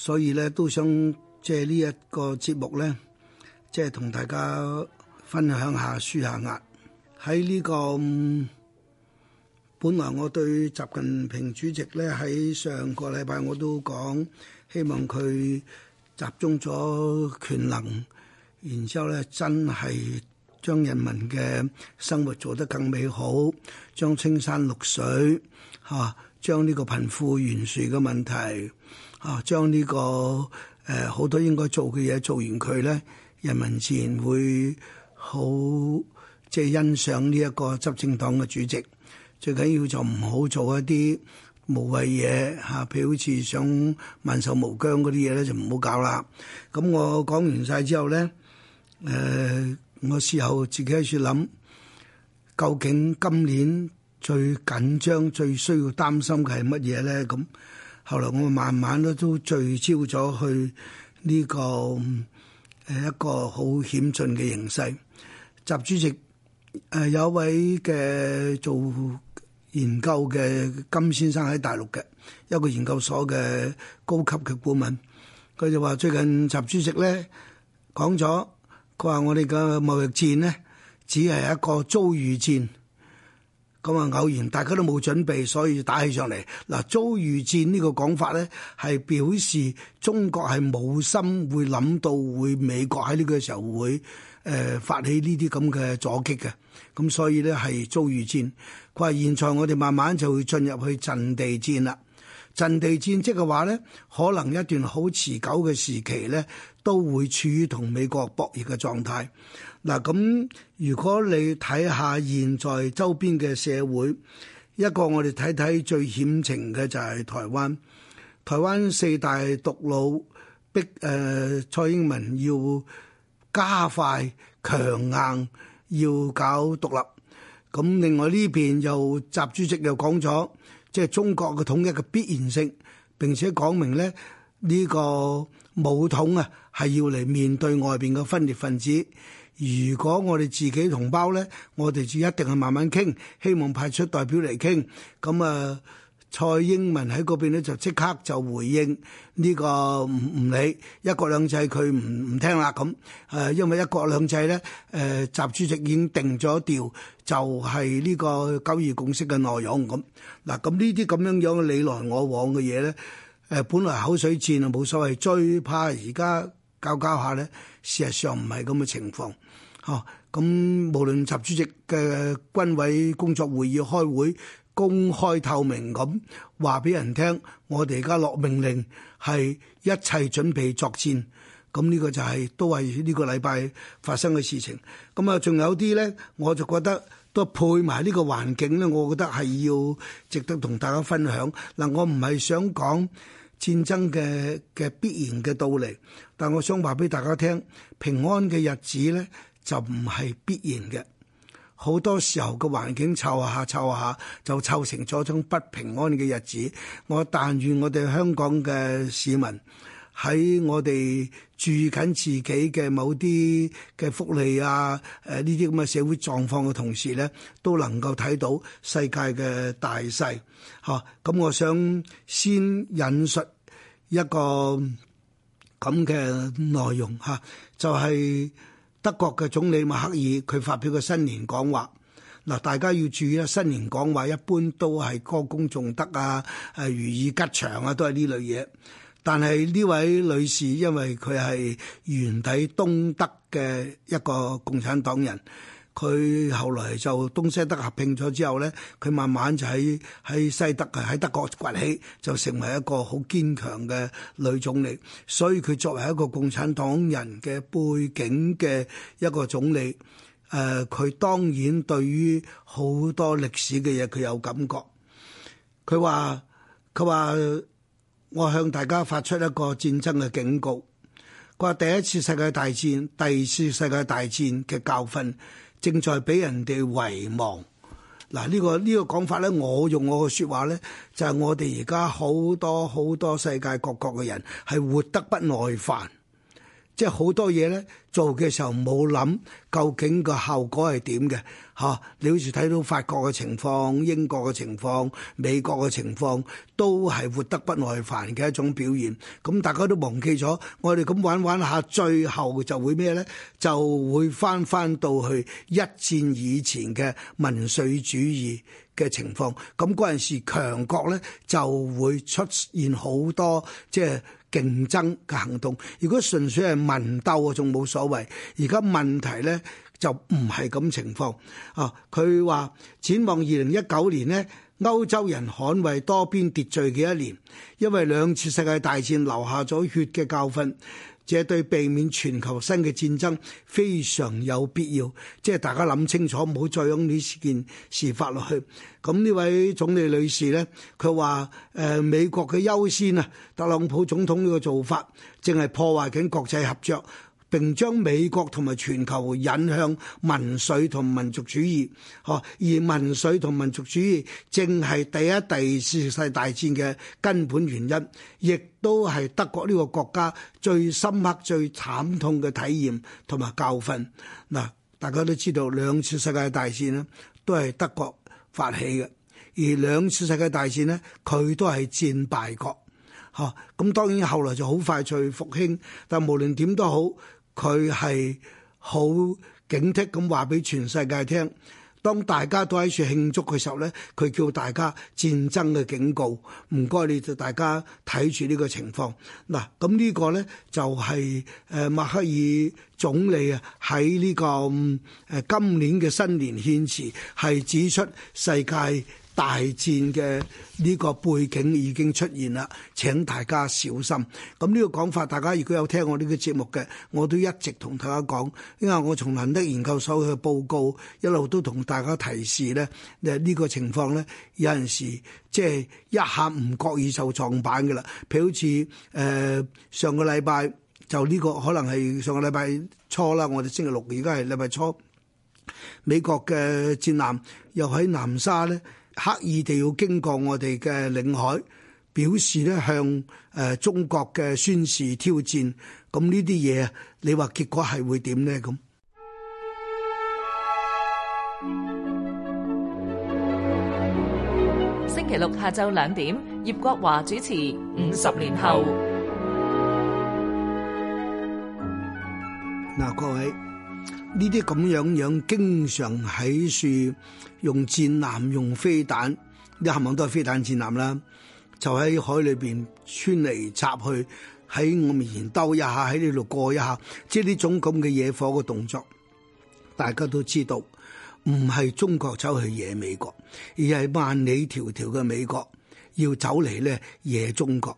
所以咧，都想借呢一個節目咧，即係同大家分享下舒下壓。喺呢、這個本來我對習近平主席咧，喺上個禮拜我都講，希望佢集中咗權能，然之後咧真係將人民嘅生活做得更美好，將青山綠水吓、啊，將呢個貧富懸殊嘅問題。啊，將呢、這個誒好、呃、多應該做嘅嘢做完佢咧，人民自然會好即係欣賞呢一個執政黨嘅主席。最緊要就唔好做一啲無謂嘢嚇、啊，譬如好似想萬壽無疆嗰啲嘢咧，就唔好搞啦。咁、嗯、我講完晒之後咧，誒、呃、我事後自己喺處諗，究竟今年最緊張、最需要擔心嘅係乜嘢咧？咁、嗯。後來我慢慢咧都聚焦咗去呢個誒一個好險峻嘅形勢。習主席誒有一位嘅做研究嘅金先生，喺大陸嘅一個研究所嘅高級嘅顧問，佢就話最近習主席咧講咗，佢話我哋嘅貿易戰咧只係一個遭遇戰。咁啊偶然大家都冇準備，所以打起上嚟嗱，遭遇戰呢個講法咧，係表示中國係冇心會諗到會美國喺呢個時候會誒、呃、發起呢啲咁嘅阻擊嘅，咁所以咧係遭遇戰。佢話現在我哋慢慢就會進入去陣地戰啦，陣地戰即係話咧，可能一段好持久嘅時期咧。都會處於同美國博弈嘅狀態。嗱，咁如果你睇下現在周邊嘅社會，一個我哋睇睇最險情嘅就係台灣。台灣四大獨老逼誒、呃、蔡英文要加快強硬，要搞獨立。咁另外呢邊又習主席又講咗，即係中國嘅統一嘅必然性，並且講明咧。呢個武統啊，係要嚟面對外邊嘅分裂分子。如果我哋自己同胞咧，我哋就一定係慢慢傾，希望派出代表嚟傾。咁啊，蔡英文喺嗰邊咧就即刻就回應呢個唔唔理一國兩制，佢唔唔聽啦咁。誒，因為一國兩制咧，誒習主席已經定咗調，就係呢個《九二共識》嘅內容咁。嗱，咁呢啲咁樣樣你來我往嘅嘢咧。誒，本來口水戰啊，冇所謂。最怕而家搞搞下咧，事實上唔係咁嘅情況。嚇，咁無論習主席嘅軍委工作會議開會，公開透明咁話俾人聽，我哋而家落命令係一切準備作戰。咁呢個就係、是、都係呢個禮拜發生嘅事情。咁啊，仲有啲咧，我就覺得都配埋呢個環境咧，我覺得係要值得同大家分享。嗱，我唔係想講。戰爭嘅嘅必然嘅到嚟，但我想話俾大家聽，平安嘅日子咧就唔係必然嘅，好多時候個環境湊下湊下就湊成咗種不平安嘅日子。我但願我哋香港嘅市民。喺我哋注意緊自己嘅某啲嘅福利啊，誒呢啲咁嘅社會狀況嘅同時咧，都能夠睇到世界嘅大勢吓，咁、啊、我想先引述一個咁嘅內容嚇、啊，就係、是、德國嘅總理默克爾佢發表嘅新年講話嗱，大家要注意啦，新年講話一般都係歌功頌德啊，誒如意吉祥啊，都係呢類嘢。但係呢位女士，因為佢係原底東德嘅一個共產黨人，佢後來就東西德合併咗之後咧，佢慢慢就喺喺西德喺德國崛起，就成為一個好堅強嘅女總理。所以佢作為一個共產黨人嘅背景嘅一個總理，誒、呃，佢當然對於好多歷史嘅嘢佢有感覺。佢話，佢話。我向大家發出一個戰爭嘅警告。佢話第一次世界大戰、第二次世界大戰嘅教訓正在俾人哋遺忘。嗱，呢個呢個講法咧，我用我嘅說話咧，就係我哋而家好多好多世界各國嘅人係活得不耐煩。即係好多嘢咧，做嘅時候冇諗究竟個效果係點嘅，嚇、啊。你好似睇到法國嘅情況、英國嘅情況、美國嘅情況，都係活得不耐煩嘅一種表現。咁、嗯、大家都忘記咗，我哋咁玩玩下，最後就會咩咧？就會返返到去一戰以前嘅民粹主義嘅情況。咁嗰陣時，強國咧就會出現好多即係，競爭嘅行動，如果純粹係問鬥啊，仲冇所謂。而家問題呢，就唔係咁情況啊。佢話展望二零一九年呢，歐洲人捍衛多邊秩序嘅一年，因為兩次世界大戰留下咗血嘅教訓。這對避免全球新嘅戰爭非常有必要，即係大家諗清楚，唔好再用呢件事發落去。咁呢位總理女士呢，佢話：誒、呃、美國嘅優先啊，特朗普總統呢個做法，正係破壞緊國際合作。並將美國同埋全球引向民粹同民族主義，嗬！而民粹同民族主義正係第一、第二次世界大戰嘅根本原因，亦都係德國呢個國家最深刻、最慘痛嘅體驗同埋教訓。嗱，大家都知道兩次世界大戰咧，都係德國發起嘅，而兩次世界大戰咧，佢都係戰敗國，嗬！咁當然後來就好快脆復興，但無論點都好。佢係好警惕咁話俾全世界聽，當大家都喺處慶祝嘅時候咧，佢叫大家戰爭嘅警告。唔該，你就大家睇住呢個情況。嗱，咁呢個咧就係誒默克爾總理啊喺呢個誒今年嘅新年獻辭係指出世界大戰嘅呢個背景已經出現啦，請大家小心。咁呢個講法，大家如果有聽我呢個節目嘅，我都一直同大家講，因為我從恆德研究所去報告一路都同大家提示呢，誒、這、呢個情況呢有陣時即係、就是、一下唔覺意就撞板嘅啦。譬如好似誒上個禮拜就呢、這個，可能係上個禮拜初啦，我哋星期六而家係禮拜初，美國嘅戰艦又喺南沙呢。刻意地要經過我哋嘅領海，表示咧向誒中國嘅宣示挑戰。咁呢啲嘢，你話結果係會點咧？咁星期六下晝兩點，葉國華主持《五十年後》年後。嗱，各位。呢啲咁樣樣經常喺樹用戰艦，用飛彈，你冚唪唥都係飛彈戰艦啦，就喺海裏邊穿嚟，插去，喺我面前兜一下，喺呢度過一下，即係呢種咁嘅野火嘅動作，大家都知道，唔係中國走去惹美國，而係萬里迢迢嘅美國要走嚟咧惹中國。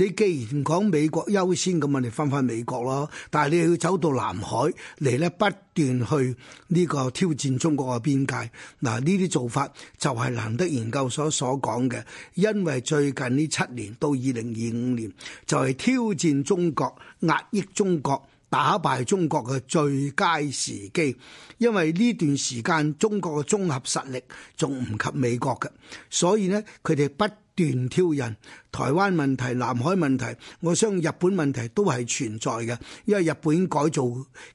你既然講美國優先咁啊，你翻返美國咯。但係你要走到南海嚟咧，不斷去呢個挑戰中國嘅邊界。嗱，呢啲做法就係蘭德研究所所講嘅，因為最近呢七年到二零二五年就係、是、挑戰中國、壓抑中國、打敗中國嘅最佳時機。因為呢段時間中國嘅綜合實力仲唔及美國嘅，所以呢，佢哋不斷挑釁，台灣問題、南海問題，我相信日本問題都係存在嘅，因為日本已經改造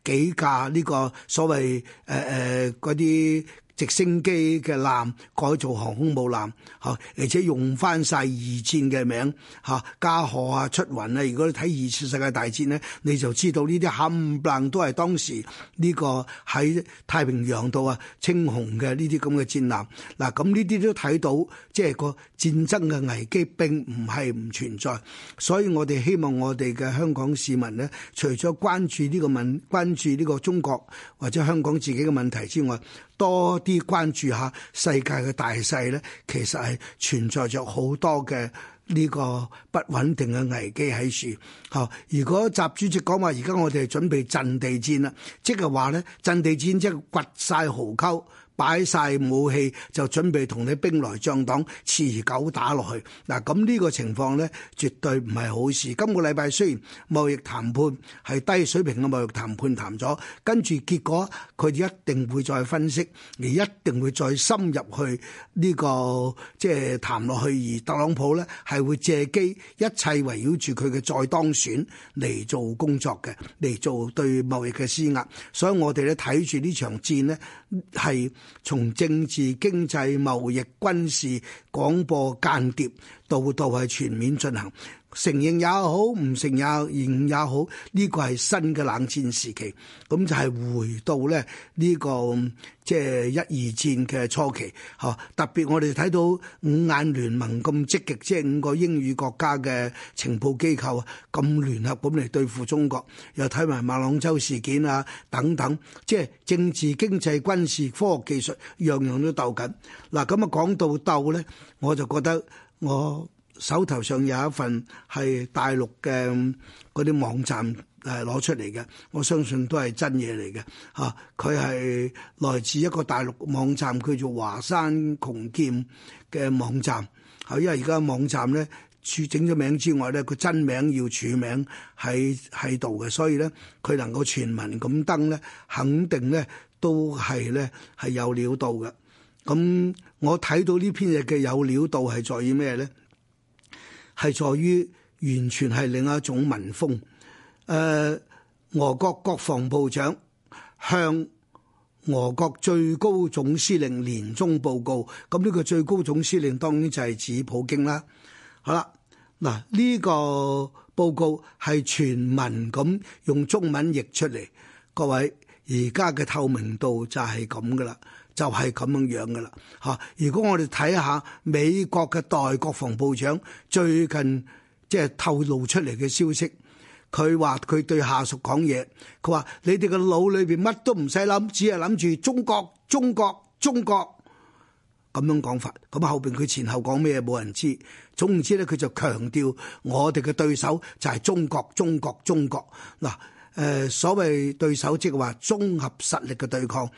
幾架呢個所謂誒誒嗰啲。呃直升機嘅艦改做航空母艦，嚇，而且用翻晒二戰嘅名嚇，加賀啊、出雲啊。如果你睇二次世界大戰咧，你就知道呢啲冚唪唥都係當時呢個喺太平洋度啊稱雄嘅呢啲咁嘅戰艦。嗱，咁呢啲都睇到，即係個戰爭嘅危機並唔係唔存在。所以我哋希望我哋嘅香港市民咧，除咗關注呢個問、關注呢個中國或者香港自己嘅問題之外，多啲關注下世界嘅大勢咧，其實係存在著好多嘅呢個不穩定嘅危機喺處。嚇，如果習主席講話而家我哋係準備陣地戰啦，即係話咧陣地戰即係掘晒壕溝。擺晒武器就準備同你兵來將擋，持久打落去嗱。咁呢個情況咧，絕對唔係好事。今個禮拜雖然貿易談判係低水平嘅貿易談判談咗，跟住結果佢哋一定會再分析，而一定會再深入去呢個即係談落去。而特朗普咧係會借機一切圍繞住佢嘅再當選嚟做工作嘅，嚟做對貿易嘅施壓。所以我哋咧睇住呢場戰呢，係。從政治、經濟、貿易、軍事、廣播、間諜，度度係全面進行。承認也好，唔承認也好，呢個係新嘅冷戰時期，咁就係回到咧、這、呢個即係、就是、一二戰嘅初期，吓特別我哋睇到五眼聯盟咁積極，即、就、係、是、五個英語國家嘅情報機構咁聯合本嚟對付中國，又睇埋孟晚舟事件啊等等，即、就、係、是、政治、經濟、軍事、科學技術樣樣都鬥緊。嗱，咁啊講到鬥咧，我就覺得我。手頭上有一份係大陸嘅嗰啲網站誒攞出嚟嘅，我相信都係真嘢嚟嘅嚇。佢、啊、係來自一個大陸網站，叫做華山窮劍嘅網站。係、啊、因為而家網站咧，除整咗名之外咧，佢真名要署名喺喺度嘅，所以咧佢能夠全民咁登咧，肯定咧都係咧係有料到嘅。咁我睇到呢篇嘢嘅有料到係在於咩咧？係在於完全係另一種文風。誒、呃，俄國國防部長向俄國最高總司令年終報告。咁呢個最高總司令當然就係指普京啦。好啦，嗱呢、呢個報告係全文咁用中文譯出嚟。各位，而家嘅透明度就係咁噶啦。就係咁樣樣噶啦嚇！如果我哋睇下美國嘅代國防部長，最近即係透露出嚟嘅消息，佢話佢對下屬講嘢，佢話你哋嘅腦裏邊乜都唔使諗，只係諗住中國、中國、中國咁樣講法。咁後邊佢前後講咩冇人知。總言之咧，佢就強調我哋嘅對手就係中國、中國、中國嗱。誒，所謂對手即係話綜合實力嘅對抗。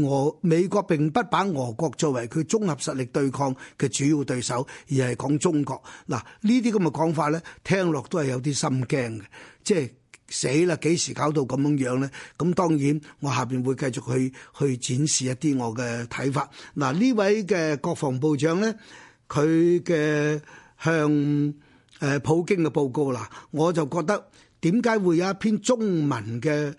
俄美國並不把俄國作為佢綜合實力對抗嘅主要對手，而係講中國。嗱，呢啲咁嘅講法咧，聽落都係有啲心驚嘅，即係死啦！幾時搞到咁樣樣咧？咁當然，我下邊會繼續去去展示一啲我嘅睇法。嗱，呢位嘅國防部長咧，佢嘅向誒普京嘅報告啦，我就覺得點解會有一篇中文嘅？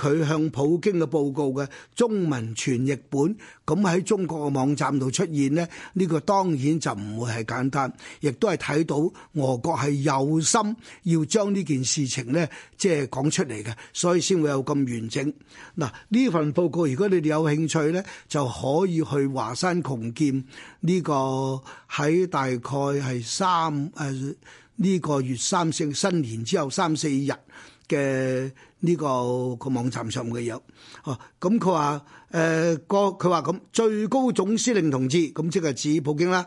佢向普京嘅報告嘅中文傳譯本，咁喺中國嘅網站度出現呢，呢、呢個當然就唔會係簡單，亦都係睇到俄國係有心要將呢件事情呢，即係講出嚟嘅，所以先會有咁完整。嗱，呢份報告，如果你哋有興趣呢，就可以去華山穹劍呢、呢個喺大概係三誒呢、呃呢個月三四新年之後三四日。嘅呢、這個個網站上嘅有哦，咁佢話，誒，個佢話，咁最高總司令同志，咁、嗯、即係指普京啦。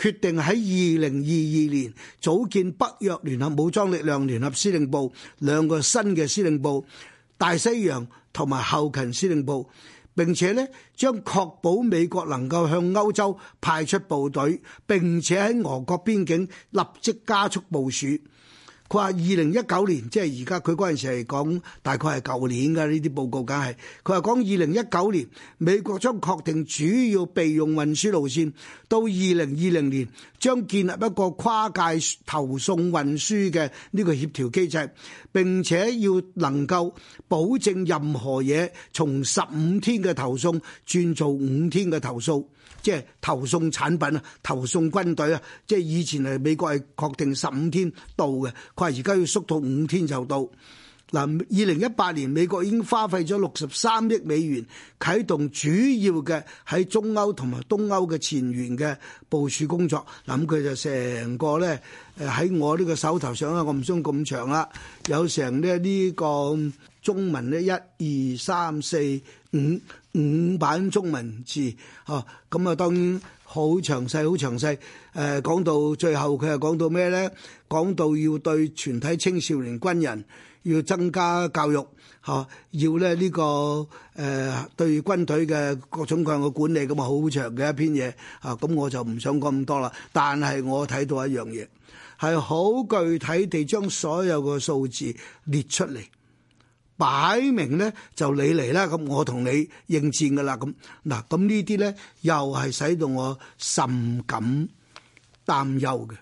決定喺二零二二年組建北約聯合武裝力量聯合司令部，兩個新嘅司令部，大西洋同埋後勤司令部，並且呢，將確保美國能夠向歐洲派出部隊，並且喺俄國邊境立即加速部署。佢話二零一九年，即係而家佢嗰陣時係講，大概係舊年㗎呢啲報告，梗係佢話講二零一九年，美國將確定主要備用運輸路線，到二零二零年將建立一個跨界投送運輸嘅呢個協調機制，並且要能夠保證任何嘢從十五天嘅投送轉做五天嘅投訴。即係投送產品啊，投送軍隊啊，即係以前誒美國係確定十五天到嘅，佢話而家要縮到五天就到。嗱，二零一八年美國已經花費咗六十三億美元啟動主要嘅喺中歐同埋東歐嘅前沿嘅部署工作。嗱，咁佢就成個咧誒喺我呢個手頭上啦，我唔想咁長啦，有成咧呢個中文咧一二三四五。五版中文字嚇，咁啊、嗯、當然好詳細，好詳細。誒、呃、講到最後，佢又講到咩咧？講到要對全體青少年軍人要增加教育嚇、啊，要咧呢、呢個誒、呃、對軍隊嘅各種各樣嘅管理，咁啊好長嘅一篇嘢啊。咁、嗯、我就唔想講咁多啦。但係我睇到一樣嘢係好具體地將所有嘅數字列出嚟。擺明咧就你嚟啦，咁我同你應戰㗎喇，咁嗱，咁呢啲咧又係使到我甚感擔憂嘅，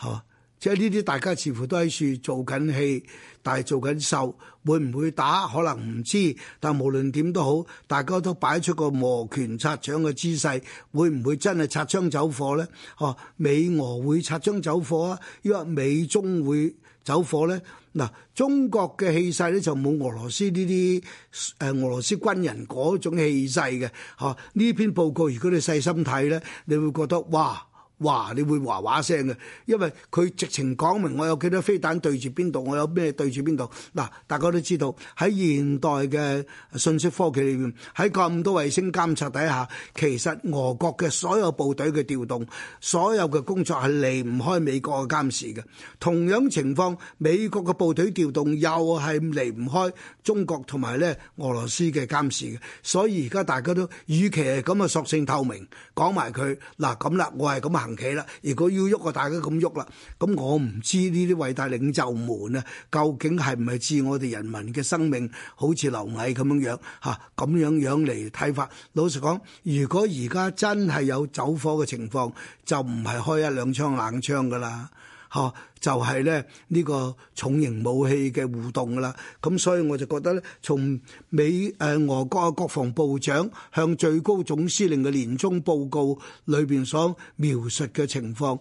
嚇，即係呢啲大家似乎都喺處做緊戲，但係做緊秀，會唔會打？可能唔知，但無論點都好，大家都擺出個摩拳擦掌嘅姿勢，會唔會真係擦槍走火咧？哦，美俄會擦槍走火啊？因為美中會走火咧？嗱，中國嘅氣勢咧就冇俄羅斯呢啲誒俄羅斯軍人嗰種氣勢嘅，吓、啊，呢篇報告如果你細心睇咧，你會覺得哇！哇！你會哇哇聲嘅，因為佢直情講明我有幾多飛彈對住邊度，我有咩對住邊度。嗱，大家都知道喺現代嘅信息科技裏面，喺咁多衛星監察底下，其實俄國嘅所有部隊嘅調動，所有嘅工作係離唔開美國嘅監視嘅。同樣情況，美國嘅部隊調動又係離唔開中國同埋咧俄羅斯嘅監視嘅。所以而家大家都，與其係咁嘅索性透明講埋佢。嗱，咁啦，我係咁行。企啦！如果要喐啊，大家咁喐啦，咁我唔知呢啲偉大領袖們啊，究竟係唔係置我哋人民嘅生命好似螻蟻咁樣、啊、樣嚇咁樣樣嚟睇法。老實講，如果而家真係有走火嘅情況，就唔係開一兩槍冷槍噶啦。嚇，就係咧呢個重型武器嘅互動㗎啦。咁所以我就覺得咧，從美誒俄國嘅國防部長向最高總司令嘅年終報告裏邊所描述嘅情況，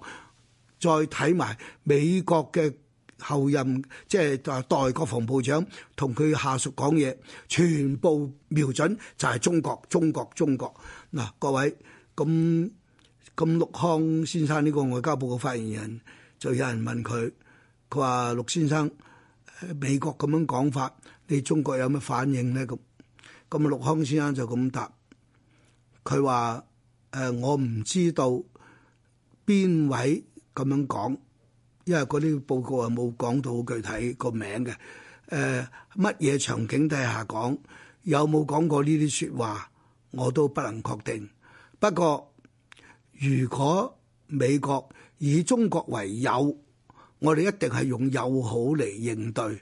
再睇埋美國嘅後任即係、就是、代國防部長同佢下屬講嘢，全部瞄準就係中國、中國、中國。嗱，各位咁咁陸慷先生呢個外交部嘅發言人。就有人問佢，佢話，陸先生，美國咁樣講法，你中國有乜反應咧？咁咁，陸康先生就咁答，佢話：誒、呃，我唔知道邊位咁樣講，因為嗰啲報告啊冇講到具體個名嘅。誒、呃，乜嘢場景底下講，有冇講過呢啲説話，我都不能確定。不過，如果美國，以中國為友，我哋一定係用友好嚟應對。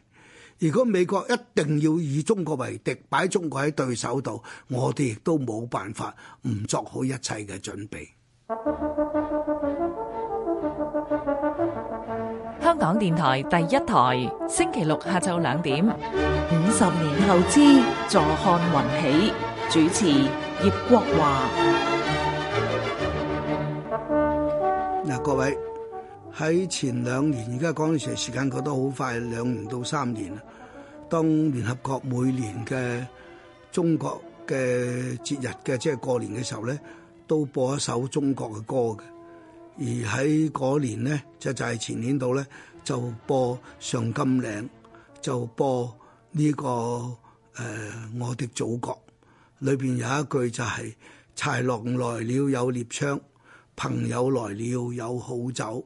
如果美國一定要以中國為敵，擺中國喺對手度，我哋亦都冇辦法唔作好一切嘅準備。香港電台第一台，星期六下晝兩點，五十年後之，坐看雲起，主持葉國華。各位喺前兩年，而家講到時，時間過得好快，兩年到三年啦。當聯合國每年嘅中國嘅節日嘅，即係過年嘅時候咧，都播一首中國嘅歌嘅。而喺嗰年咧，就就是、係前年度咧，就播《上甘嶺》，就播呢、這個誒、呃《我的祖國》裏邊有一句就係豺狼來了有獵槍。朋友來了有好酒，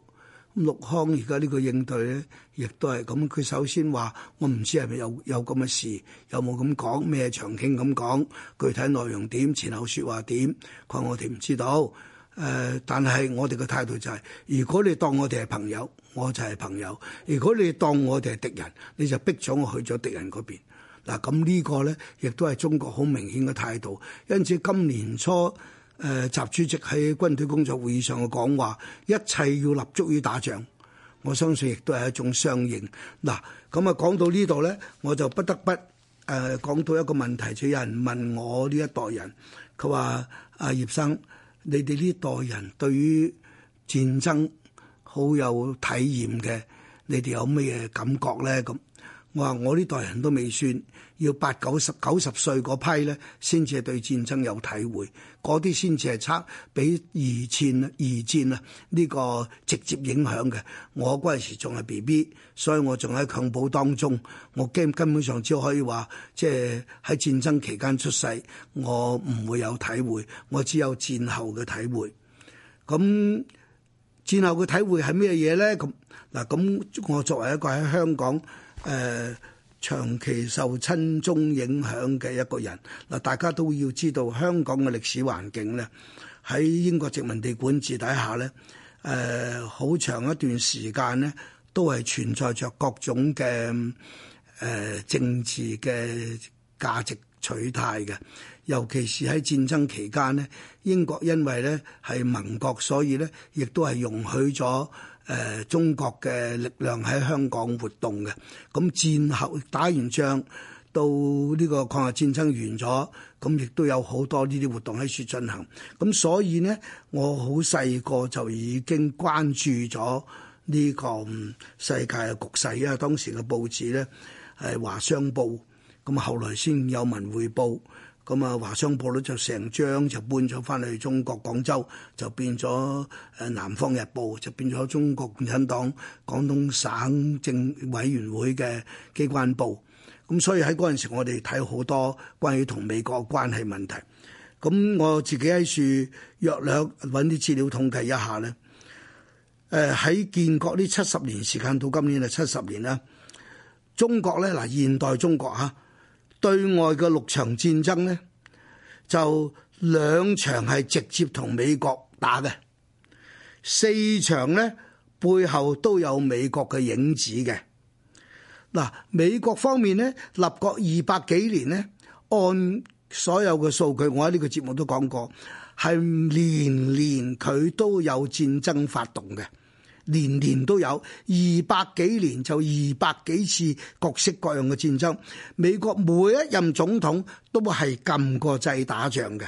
陸康而家呢個應對咧，亦都係咁。佢首先話：我唔知係咪有有咁嘅事，有冇咁講咩場景咁講，具體內容點，前後説話點，佢話我哋唔知道。誒、呃，但係我哋嘅態度就係、是：如果你當我哋係朋友，我就係朋友；如果你當我哋係敵人，你就逼咗我去咗敵人嗰邊。嗱、啊，咁呢個咧，亦都係中國好明顯嘅態度。因此今年初。誒、呃、習主席喺軍隊工作會議上嘅講話，一切要立足於打仗，我相信亦都係一種相應。嗱，咁啊講到呢度咧，我就不得不誒、呃、講到一個問題，就有人問我呢一代人，佢話：阿、啊、葉生，你哋呢代人對於戰爭好有體驗嘅，你哋有咩感覺咧？咁。我話我呢代人都未算，要八九十九十歲嗰批咧，先至係對戰爭有體會。嗰啲先至係測俾二戰啊，二戰啊，呢個直接影響嘅。我嗰陣時仲係 B B，所以我仲喺襁褓當中，我根根本上只可以話，即係喺戰爭期間出世，我唔會有體會，我只有戰後嘅體會。咁戰後嘅體會係咩嘢咧？咁嗱，咁我作為一個喺香港。誒、呃、長期受親中影響嘅一個人嗱、呃，大家都要知道香港嘅歷史環境咧，喺英國殖民地管治底下咧，誒、呃、好長一段時間咧，都係存在着各種嘅誒、呃、政治嘅價值取態嘅，尤其是喺戰爭期間呢，英國因為咧係盟國，所以咧亦都係容許咗。誒、呃、中國嘅力量喺香港活動嘅，咁戰後打完仗，到呢個抗日戰爭完咗，咁亦都有好多呢啲活動喺處進行，咁所以呢，我好細個就已經關注咗呢個世界嘅局勢啊，因為當時嘅報紙咧係華商報，咁後來先有文匯報。咁啊，華商報咧就成張就搬咗翻去中國廣州，就變咗《誒南方日報》，就變咗中國共產黨廣東省政委員會嘅機關報。咁所以喺嗰陣時，我哋睇好多關於同美國關係問題。咁我自己喺樹約略揾啲資料統計一下咧。誒喺建國呢七十年時間到今年嘅七十年咧，中國咧嗱現代中國嚇。對外嘅六場戰爭呢，就兩場係直接同美國打嘅，四場呢，背後都有美國嘅影子嘅。嗱，美國方面呢，立國二百幾年呢，按所有嘅數據，我喺呢個節目都講過，係年年佢都有戰爭發動嘅。年年都有，二百幾年就二百幾次各式各樣嘅戰爭。美國每一任總統都係撳過掣打仗嘅，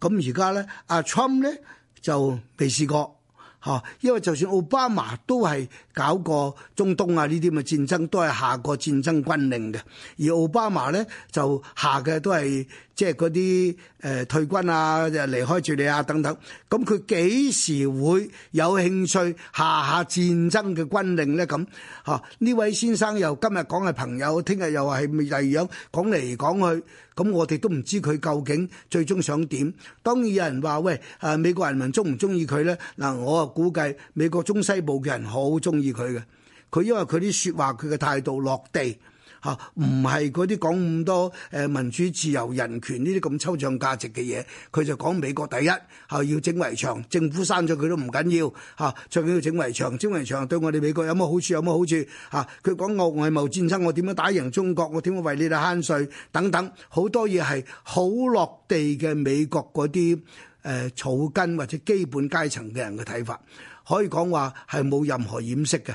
咁而家咧，阿 Trump 咧就未試過。嚇，因為就算奧巴馬都係搞過中東啊呢啲咁嘅戰爭，都係下過戰爭軍令嘅。而奧巴馬咧就下嘅都係即係嗰啲誒退軍啊、就離開敍利亞等等。咁佢幾時會有興趣下下戰爭嘅軍令咧？咁嚇呢位先生又今日講係朋友，聽日又係第二樣講嚟講去。咁我哋都唔知佢究竟最終想點。當然有人話喂，誒美國人民鍾唔鍾意佢呢？嗱，我啊估計美國中西部嘅人好鍾意佢嘅。佢因為佢啲説話，佢嘅態度落地。嚇，唔係嗰啲講咁多誒民主自由人權呢啲咁抽象價值嘅嘢，佢就講美國第一，又要整圍牆，政府刪咗佢都唔緊要嚇，仲要整圍牆，整圍牆對我哋美國有乜好處？有乜好處？嚇，佢講外貿戰爭，我點樣打贏中國？我點樣為你哋慳稅？等等，好多嘢係好落地嘅美國嗰啲誒草根或者基本階層嘅人嘅睇法，可以講話係冇任何掩飾嘅，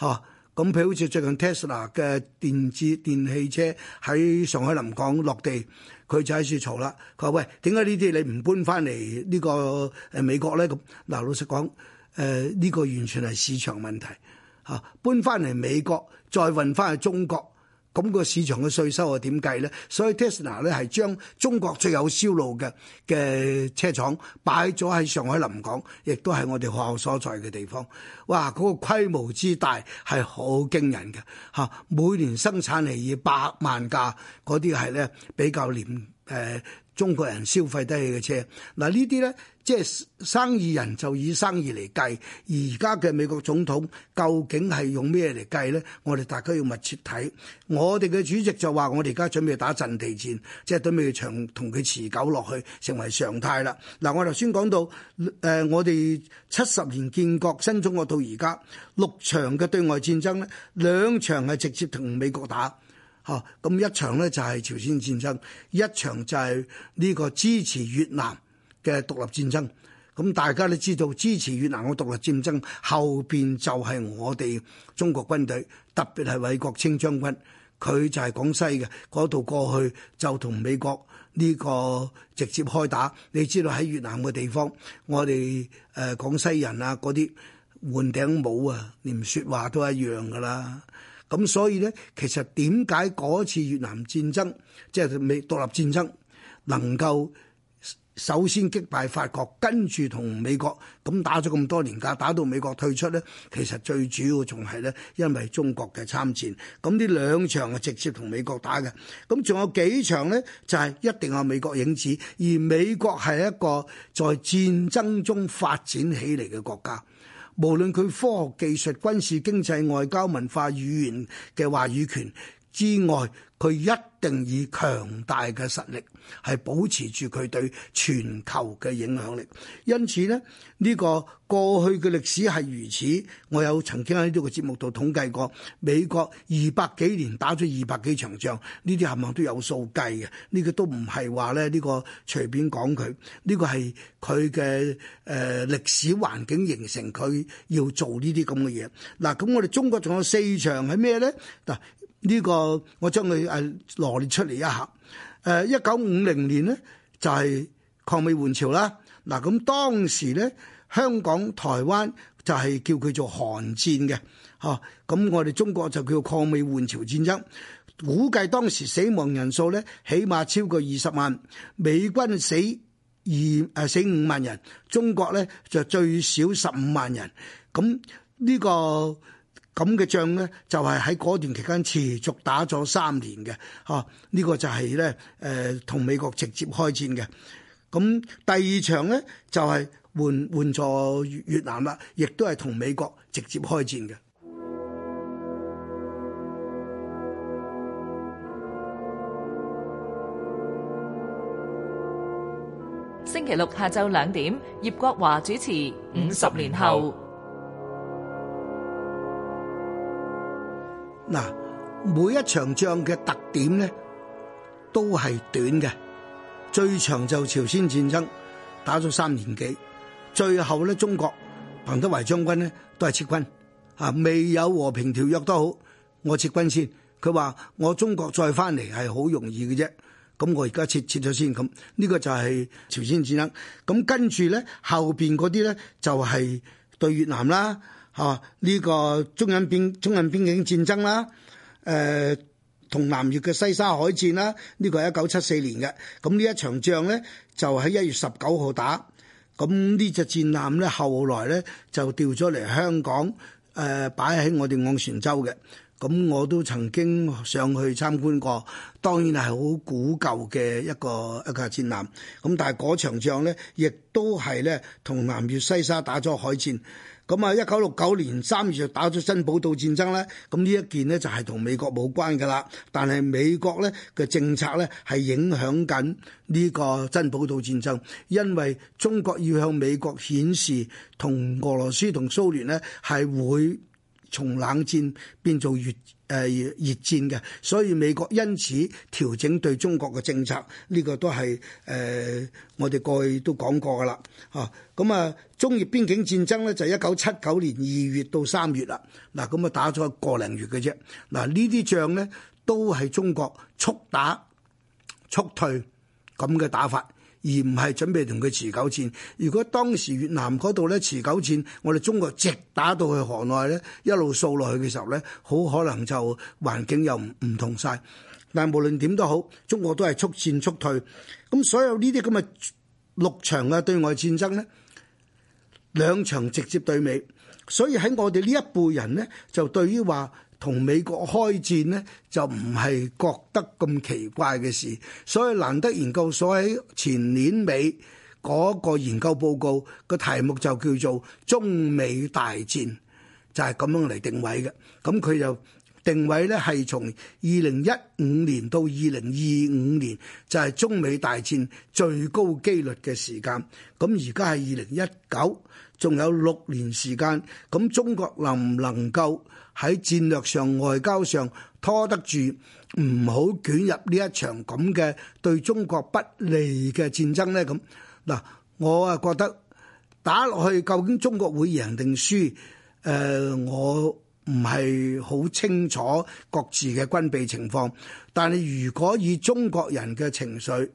嚇。咁譬如好似最近 Tesla 嘅電子電汽車喺上海臨港落地，佢就喺處嘈啦。佢話：喂，點解呢啲你唔搬翻嚟呢個誒美國咧？咁嗱，老實講，誒、呃、呢、呢個完全係市場問題嚇、啊。搬翻嚟美國，再運翻去中國。咁個市場嘅稅收啊點計咧？所以 Tesla 咧係將中國最有銷路嘅嘅車廠擺咗喺上海臨港，亦都係我哋學校所在嘅地方。哇！嗰、那個規模之大係好驚人嘅嚇，每年生產係以百萬架，嗰啲係咧比較廉誒。呃中國人消費得起嘅車，嗱呢啲咧，即係生意人就以生意嚟計。而家嘅美國總統究竟係用咩嚟計咧？我哋大家要密切睇。我哋嘅主席就話：我哋而家準備打陣地戰，即係對美場同佢持久落去成為常態啦。嗱、啊，我頭先講到誒、呃，我哋七十年建國，新中國到而家六場嘅對外戰爭咧，兩場係直接同美國打。嚇！咁一場呢，就係朝鮮戰爭，一場就係呢個支持越南嘅獨立戰爭。咁大家都知道，支持越南嘅獨立戰爭後邊就係我哋中國軍隊，特別係韋國清將軍，佢就係廣西嘅嗰度過去就同美國呢個直接開打。你知道喺越南嘅地方，我哋誒、呃、廣西人啊嗰啲換頂帽啊，連說話都一樣㗎喇。咁所以咧，其實點解嗰次越南戰爭，即係美獨立戰爭，能夠首先擊敗法國，跟住同美國咁打咗咁多年架，打到美國退出咧，其實最主要仲係咧，因為中國嘅參戰。咁呢兩場係直接同美國打嘅，咁仲有幾場咧，就係一定有美國影子。而美國係一個在戰爭中發展起嚟嘅國家。無論佢科學技術、軍事、經濟、外交、文化、語言嘅話語權之外。佢一定以強大嘅實力係保持住佢對全球嘅影響力，因此咧呢個過去嘅歷史係如此。我有曾經喺呢度嘅節目度統計過，美國二百幾年打咗二百幾場仗，呢啲係咪都有數計嘅？呢個都唔係話咧呢個隨便講佢，呢個係佢嘅誒歷史環境形成佢要做呢啲咁嘅嘢。嗱，咁我哋中國仲有四場係咩咧？嗱。呢、這個我將佢誒羅列出嚟一下，誒一九五零年呢，就係、是、抗美援朝啦。嗱咁當時咧，香港、台灣就係叫佢做韓戰嘅，嚇。咁我哋中國就叫抗美援朝戰爭。估計當時死亡人數咧，起碼超過二十萬。美軍死二誒、呃、死五萬人，中國咧就最少十五萬人。咁呢、這個。咁嘅仗呢，就係喺嗰段期間持續打咗三年嘅，嗬、啊？呢、這個就係咧誒，同、呃、美國直接開戰嘅。咁、嗯、第二場呢，就係換換咗越南啦，亦都係同美國直接開戰嘅。星期六下晝兩點，葉國華主持《五十年後》。嗱，每一場仗嘅特點咧，都係短嘅，最長就朝鮮戰爭打咗三年幾，最後咧中國彭德懷將軍咧都係撤軍，啊未有和平條約都好，我撤軍先，佢話我中國再翻嚟係好容易嘅啫，咁我而家撤撤咗先，咁呢個就係朝鮮戰爭，咁跟住咧後邊嗰啲咧就係對越南啦。吓！呢、啊這個中印邊中印邊境戰爭啦，誒、呃、同南越嘅西沙海戰啦，呢、這個係一九七四年嘅。咁、嗯、呢一場仗咧，就喺一月十九號打。咁呢隻戰艦咧，後來咧就調咗嚟香港，誒、呃、擺喺我哋昂船洲嘅。咁、嗯、我都曾經上去參觀過，當然係好古舊嘅一個一個戰艦。咁、嗯、但係嗰場仗咧，亦都係咧同南越西沙打咗海戰。咁啊，一九六九年三月就打咗珍寶島戰爭咧，咁呢一件咧就係、是、同美國冇關噶啦。但係美國咧嘅政策咧係影響緊呢個珍寶島戰爭，因為中國要向美國顯示同俄羅斯同蘇聯咧係會從冷戰變做越。誒，熱戰嘅，所以美國因此調整對中國嘅政策，呢、這個都係誒、呃，我哋過去都講過㗎喇，嚇、啊、咁啊，中越邊境戰爭咧就係一九七九年二月到三月啦，嗱咁啊，啊打咗個零月嘅啫，嗱、啊、呢啲仗咧都係中國速打速退咁嘅打法。而唔係準備同佢持久戰。如果當時越南嗰度咧持久戰，我哋中國直打到去河內咧，一路掃落去嘅時候咧，好可能就環境又唔唔同晒。但無論點都好，中國都係速戰速退。咁所有呢啲咁嘅六場嘅對外戰爭咧，兩場直接對美。所以喺我哋呢一輩人咧，就對於話同美國開戰呢，就唔係覺得咁奇怪嘅事，所以蘭德研究所喺前年尾嗰個研究報告個題目就叫做《中美大戰》，就係咁樣嚟定位嘅。咁佢就定位呢，係從二零一五年到二零二五年就係中美大戰最高機率嘅時間。咁而家係二零一九，仲有六年時間，咁中國能唔能夠？喺戰略上、外交上拖得住，唔好捲入呢一場咁嘅對中國不利嘅戰爭呢，咁嗱，我啊覺得打落去，究竟中國會贏定輸？誒、呃，我唔係好清楚各自嘅軍備情況，但係如果以中國人嘅情緒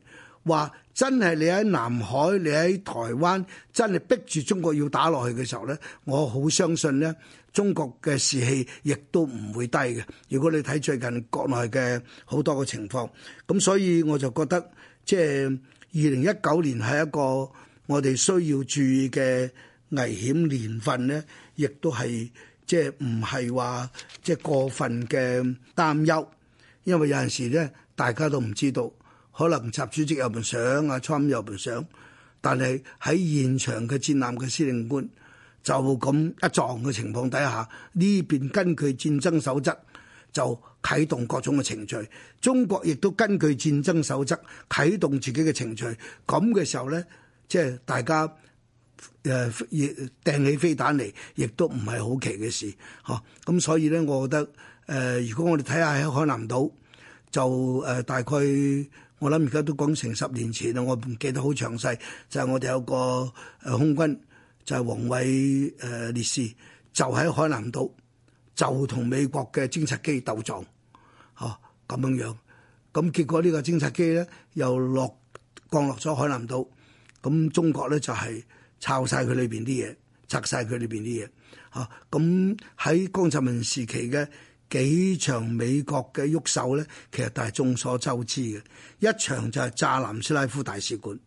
話。真係你喺南海，你喺台灣，真係逼住中國要打落去嘅時候咧，我好相信咧，中國嘅士氣亦都唔會低嘅。如果你睇最近國內嘅好多個情況，咁所以我就覺得，即係二零一九年係一個我哋需要注意嘅危險年份咧，亦都係即係唔係話即係過分嘅擔憂，因為有陣時咧大家都唔知道。可能習主席唔想啊，特朗普唔想，但係喺現場嘅戰艦嘅司令官就咁一撞嘅情況底下，呢邊根據戰爭守則就啟動各種嘅程序，中國亦都根據戰爭守則啟動自己嘅程序，咁嘅時候咧，即、就、係、是、大家誒掟、呃、起飛彈嚟，亦都唔係好奇嘅事，吓咁所以咧，我覺得誒、呃，如果我哋睇下喺海南島就誒、呃、大概。我諗而家都講成十年前啦，我唔記得好詳細，就係、是、我哋有個誒空軍就係、是、王偉誒烈士，就喺海南島，就同美國嘅偵察機鬥撞，嚇咁樣樣，咁結果呢個偵察機咧又落降落咗海南島，咁中國咧就係抄晒佢裏邊啲嘢，拆晒佢裏邊啲嘢，嚇咁喺江澤民時期嘅。幾場美國嘅喐手咧，其實都係眾所周知嘅。一場就係炸南斯拉夫大使館，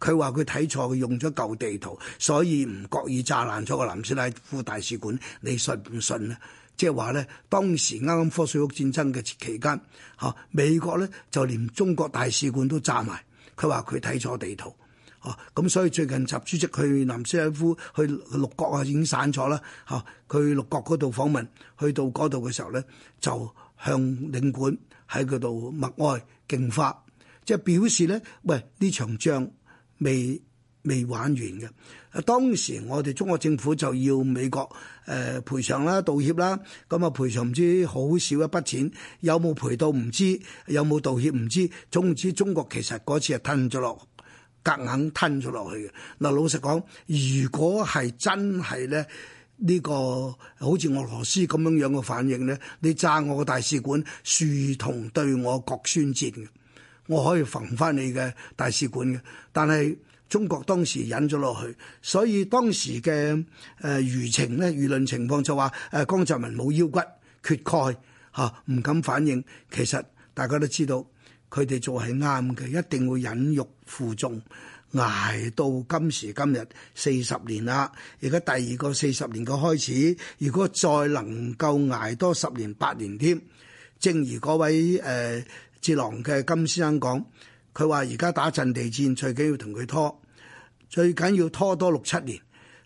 佢話佢睇錯，佢用咗舊地圖，所以唔覺意炸爛咗個南斯拉夫大使館。你信唔信啊？即係話咧，當時啱啱科索沃戰爭嘅期間，嚇美國咧就連中國大使館都炸埋。佢話佢睇錯地圖。咁、哦、所以最近習主席去南斯拉夫去六國啊，已經散咗啦。嚇、哦，去六國嗰度訪問，去到嗰度嘅時候咧，就向領館喺嗰度默哀敬發，即係表示咧，喂，呢場仗未未玩完嘅。當時我哋中國政府就要美國誒、呃、賠償啦、道歉啦，咁啊賠償唔知好少一筆錢，有冇賠到唔知，有冇道歉唔知，總之中國其實嗰次係吞咗落。夾硬吞咗落去嘅嗱，老實講，如果係真係咧，呢個好似俄羅斯咁樣樣嘅反應咧，你炸我個大使館，殊同對我國宣戰嘅，我可以焚翻你嘅大使館嘅。但係中國當時忍咗落去，所以當時嘅誒輿情咧，輿論情況就話誒江澤民冇腰骨、缺鈣嚇，啊，唔敢反應。其實大家都知道。佢哋做係啱嘅，一定會忍辱負重，挨到今時今日四十年啦。而家第二個四十年嘅開始，如果再能夠挨多十年八年添，正如嗰位誒、呃、哲郎嘅金先生講，佢話而家打陣地戰最緊要同佢拖，最緊要拖多六七年。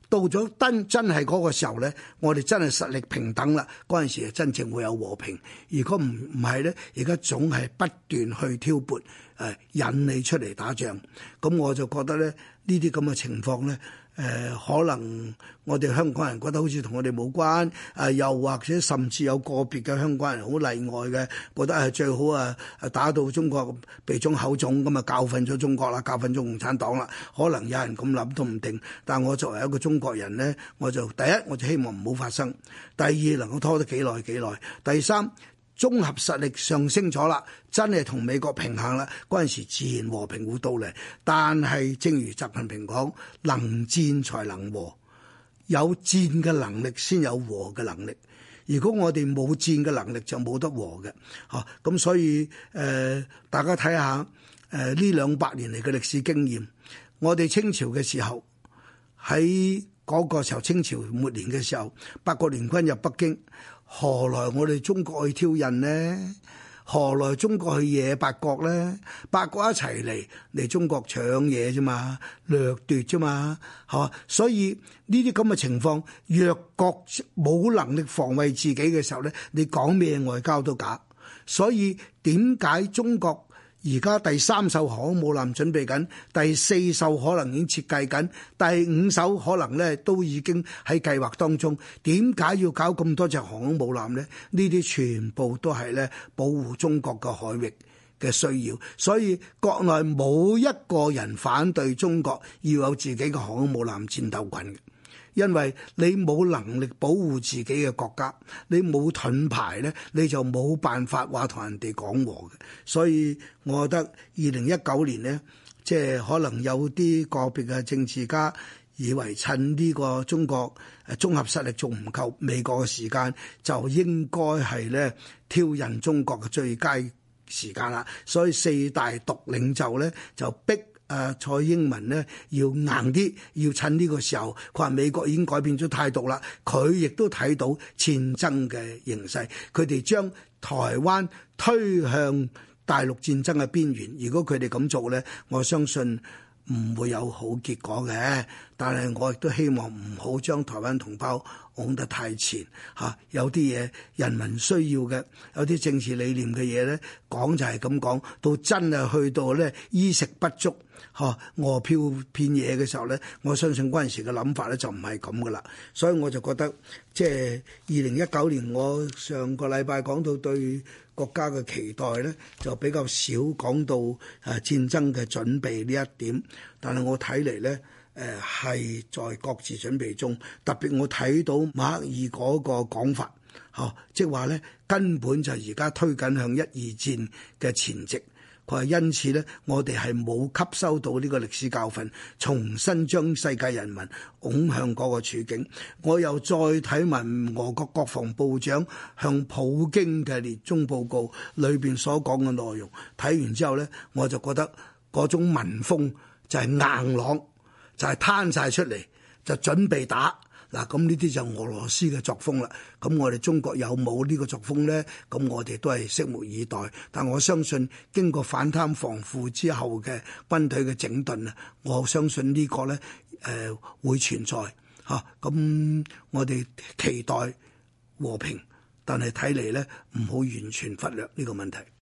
到咗真真係嗰個時候咧，我哋真係實力平等啦，嗰陣時就真正會有和平。如果唔唔係咧，而家總係不斷去挑撥，誒引你出嚟打仗，咁我就覺得咧呢啲咁嘅情況咧。誒可能我哋香港人覺得好似同我哋冇關，啊又或者甚至有個別嘅香港人好例外嘅，覺得係最好啊，打到中國鼻中口腫咁啊，教訓咗中國啦，教訓咗共產黨啦，可能有人咁諗都唔定，但係我作為一個中國人咧，我就第一我就希望唔好發生，第二能夠拖得幾耐幾耐，第三，綜合實力上升咗啦，真係同美國平衡啦。嗰陣時自然和平會到嚟，但係正如習近平講，能戰才能和，有戰嘅能力先有和嘅能力。如果我哋冇戰嘅能力，就冇得和嘅。嚇，咁所以誒、呃，大家睇下誒呢兩百年嚟嘅歷史經驗，我哋清朝嘅時候喺嗰個時候清朝末年嘅時候，八國聯軍入北京。何來我哋中國去挑釁呢？何來中國去惹八國呢？八國一齊嚟嚟中國搶嘢啫嘛，掠奪啫嘛，吓！所以呢啲咁嘅情況，弱國冇能力防衛自己嘅時候咧，你講咩外交都假。所以點解中國？而家第三艘航空母艦準備緊，第四艘可能已經設計緊，第五艘可能咧都已經喺計劃當中。點解要搞咁多隻航空母艦咧？呢啲全部都係咧保護中國嘅海域嘅需要，所以國內冇一個人反對中國要有自己嘅航空母艦戰鬥群嘅。因為你冇能力保護自己嘅國家，你冇盾牌咧，你就冇辦法話同人哋講和嘅。所以我覺得二零一九年呢，即係可能有啲個別嘅政治家以為趁呢個中國綜合實力仲唔夠美國嘅時間，就應該係咧挑釁中國嘅最佳時間啦。所以四大獨領袖咧就逼。誒、啊、蔡英文咧要硬啲，要趁呢個時候，佢話美國已經改變咗態度啦。佢亦都睇到戰爭嘅形勢，佢哋將台灣推向大陸戰爭嘅邊緣。如果佢哋咁做咧，我相信唔會有好結果嘅。但係我亦都希望唔好將台灣同胞擁得太前嚇、啊。有啲嘢人民需要嘅，有啲政治理念嘅嘢咧，講就係咁講。到真係去到咧衣食不足、嗬餓殍遍野嘅時候咧，我相信嗰陣時嘅諗法咧就唔係咁噶啦。所以我就覺得，即係二零一九年我上個禮拜講到對國家嘅期待咧，就比較少講到誒戰爭嘅準備呢一點。但係我睇嚟咧。誒係在各自準備中，特別我睇到馬克爾嗰個講法，嚇即係話咧根本就而家推緊向一二戰嘅前夕，佢係因此咧，我哋係冇吸收到呢個歷史教訓，重新將世界人民拱向嗰個處境。我又再睇埋俄國國防部長向普京嘅年終報告裏邊所講嘅內容，睇完之後咧，我就覺得嗰種文風就係硬朗。就係攤晒出嚟，就準備打嗱，咁呢啲就俄羅斯嘅作風啦。咁我哋中國有冇呢個作風呢？咁我哋都係拭目以待。但我相信經過反貪防腐之後嘅軍隊嘅整頓啊，我相信呢個呢誒、呃、會存在嚇。咁、啊、我哋期待和平，但係睇嚟呢唔好完全忽略呢個問題。